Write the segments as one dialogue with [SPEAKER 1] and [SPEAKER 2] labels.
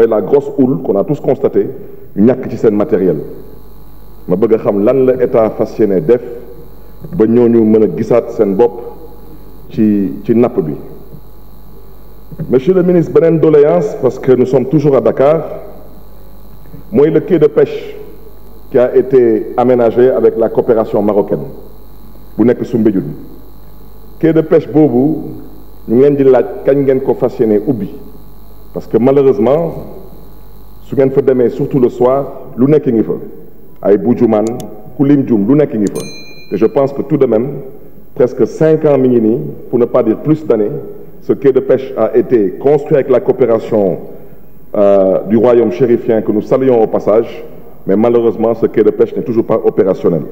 [SPEAKER 1] mooy la grosse houle qu'on a tous constaté ñàkk ci seen matériel ma bëgg a xam lan la état fas yéene def ba ñooñu mën a gisaat seen bopp ci ci napp bi monsieur le ministre beneen doléance parce que nous sommes toujours à Dakar mooy le quai de pêche qui a été aménagé avec la coopération marocaine bu nekk Soumbédioune quai de pêche boobu ñu ngeen di laaj kañ ngeen ko fas ubbi parce que malheureusement su ngeen fa demee surtout le soir lu nekk ngi fa ay bujumaan ku lim jum lu nekk ngi et je pense que tout de même presque cinq ans mi ngi nii pour ne pas dire plus d'années ce quai de pêche a été construit avec la coopération euh, du royaume chérifien que nous saluons au passage mais malheureusement ce quai de pêche n'est toujours pas opérationnel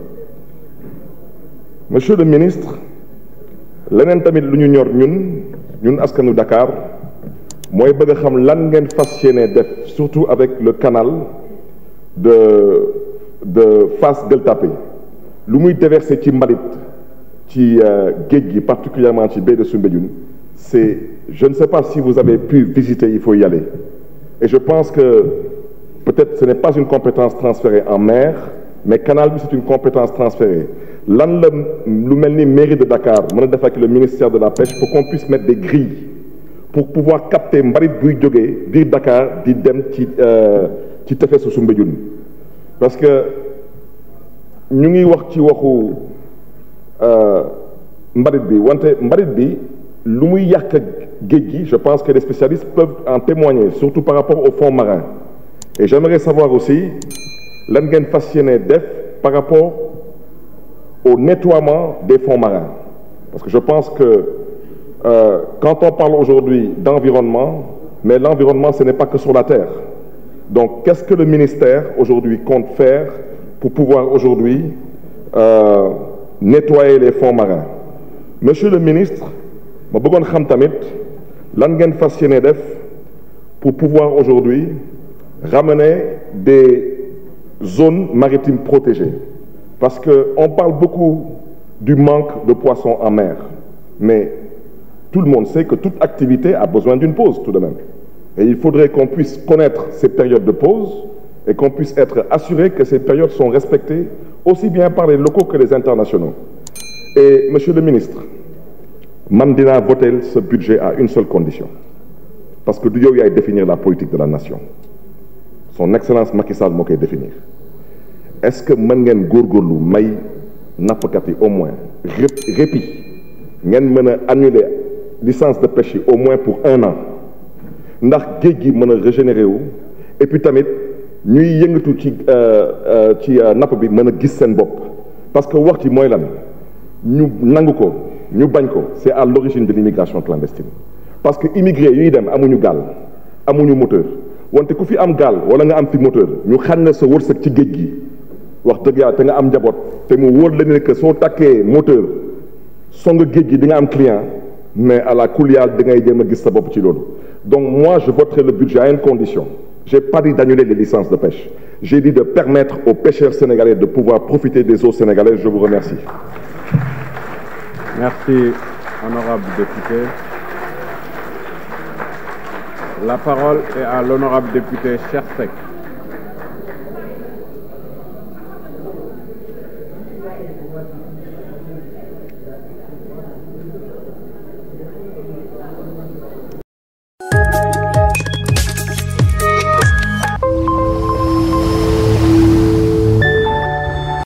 [SPEAKER 1] monsieur le ministre leneen tamit lu ñu ñor ñun ñun askanu Dakar mooy bëgg a xam lan ngeen fas yéene def surtout avec le canal de de Fass Gueule Tapée lu muy déverser ci mbalit ci euh, géej gi particulièrement ci baie de Soumbédioune c'est je ne sais pas si vous avez pu visiter il faut y aller et je pense que peut-être ce n'est pas une compétence transférée en mer mais canal bi c'est une compétence transférée lan la lu mel de Dakar a def ak le ministère de la pêche pour qu'on puisse mettre des grilles pour pouvoir capter mbalit buy jóge biir Dakar di dem ci euh, ci tefesu Soumbédioune parce que ñu ngi wax ci waxu euh, mbalit bi wante mbalit bi lu muy yàq géej gi je pense que les spécialistes peuvent en témoigner surtout par rapport au fond marin et j'aimerais savoir aussi lan ngeen fas yéene def par rapport au nettoiement des fonds marins parce que je pense que Euh, quand on parle aujourd'hui d'environnement, mais l'environnement, ce n'est pas que sur la terre. Donc, qu'est-ce que le ministère aujourd'hui compte faire pour pouvoir aujourd'hui euh, nettoyer les fonds marins monsieur le ministre ma bëggoon xam tamit lan ngeen fas yéene def pour pouvoir aujourd'hui ramener des zones maritimes protégées parce que on parle beaucoup du manque de poissons en mer mais Tout le monde sait que toute activité a besoin d'une pause tout de même. Et il faudrait qu'on puisse connaître ces périodes de pause et qu'on puisse être assuré que ces périodes sont respectées aussi bien par les locaux que les internationaux. Et monsieur le ministre, man dinaa voter ce budget à une seule condition parce que du yow yaay définir la politique de la nation son excellence Macky Sall moo koy définir est-ce que mën ngeen góorgóorlu may nappkat yi au moins répit ngeen mën a annuler licence de pêche yi au moins pour un an ndax géej gi mën a régénérer wu et puis tamit ñuy yëngatu ci euh, euh, ci euh, napp bi mën a gis seen bopp parce que wax ci mooy lan ñu nangu ko ñu bañ ko c'est à l'origine de l'immigration clandestine parce que immigré yuy dem amuñu gaal amuñu moteur wante ku fi am gaal wala nga am fi moteur ñu xam ne sa wërsëg ci géej gi wax dëgg yàlla te nga am njaboot te mu wóor la ne que soo takkee moteur song géej gi di nga am client mais à la kulial da ngay jéem a gis sa bopp ci loolu donc moi je voterai le budget à une condition j'ai pas dit d'annuler les licences de pêche j'ai dit de permettre aux pêcheurs sénégalais de pouvoir profiter des eaux sénégalaises je vous remercie merci honorable député la parole est à l'honorable député Cheikh Seck